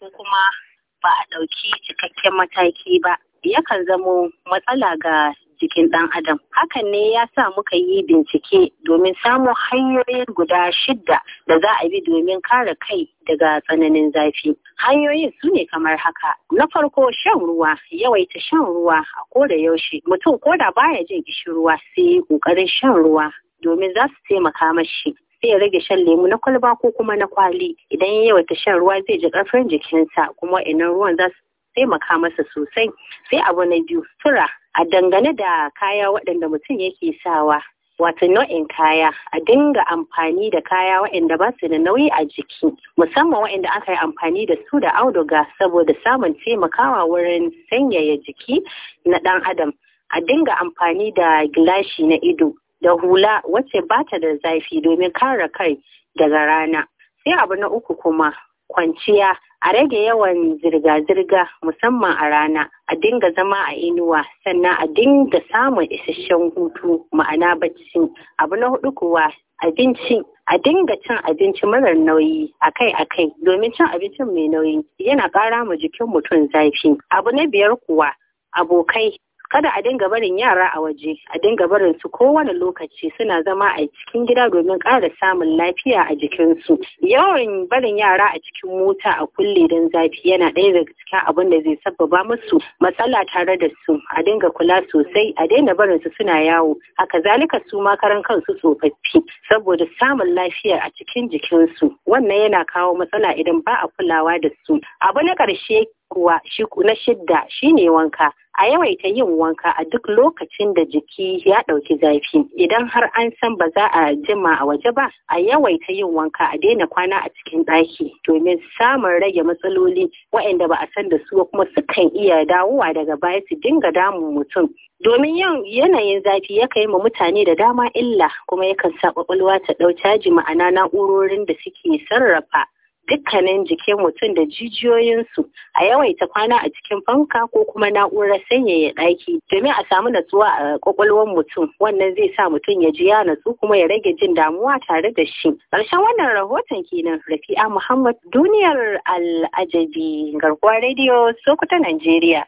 ko kuma ba a ɗauki cikakken mataki ba yakan zamo matsala ga jikin ɗan adam hakan ne ya sa muka yi bincike domin samun hanyoyin guda shidda da za a bi domin kare kai daga tsananin zafi hanyoyin su ne kamar haka na farko shan ruwa yawaita shan ruwa a koda yaushe mutum koda baya jin kishirwa sai yi ƙoƙarin shan ruwa domin za su taimaka mashi sai ya rage shan lemu na kwalba ko kuma na kwali idan ya yawaita shan ruwa zai ji ƙarfin jikinsa kuma inan ruwan za su taimaka masa sosai sai abu na biyu tura a dangane da kaya waɗanda mutum yake sawa wato nau'in kaya a dinga amfani da kaya waɗanda ba su da nauyi a jiki musamman waɗanda aka yi amfani da su da auduga saboda samun taimakawa wurin sanyaya jiki na ɗan adam a dinga amfani da gilashi na ido da hula wacce ba ta da zafi domin kare kai daga rana. Sai abu na uku kuma kwanciya a rage yawan zirga-zirga musamman a rana a dinga zama a inuwa sannan a dinga samun isasshen hutu ma'ana bacci abu na hudu kuwa abinci a dinga cin abinci marar nauyi akai-akai domin cin abincin mai nauyi yana ƙara ma jikin mutum zafi abu na biyar kuwa abokai kada a dinga barin yara a waje a dinga barin su kowane lokaci suna zama a cikin gida domin ƙara samun lafiya a jikinsu yawan barin yara a cikin mota a kulle don zafi yana ɗaya daga cikin abin da zai sababa musu matsala tare da su a dinga kula sosai a daina barin su suna yawo haka zalika su ma karan kansu tsofaffi saboda samun lafiya a cikin jikinsu wannan yana kawo matsala idan ba a kulawa da su abu na ƙarshe kuwa na shidda shine wanka a yawaita yin wanka a duk lokacin da jiki ya ɗauki zafi idan har an san ba za a jima a waje ba a yawaita yin wanka a daina kwana a cikin ɗaki domin samun rage matsaloli waɗanda ba a san da su kuma sukan iya dawowa daga baya su dinga damun mutum domin yau yanayin zafi ya kai ma mutane da dama illa kuma yakan sa kwakwalwa ta ɗau caji ma'ana na'urorin da suke sarrafa dukkanin jikin mutum da jijiyoyinsu a yawaita kwana a cikin fanka ko kuma na'urar sanyaya ɗaki domin a samu natsuwa a kwakwalwar mutum wannan zai sa mutum ya ji ya natsu kuma ya rage jin damuwa tare da shi ƙarshen wannan rahoton kenan rafi'a muhammad duniyar al'ajabi Garkuwa rediyo sokoto najeriya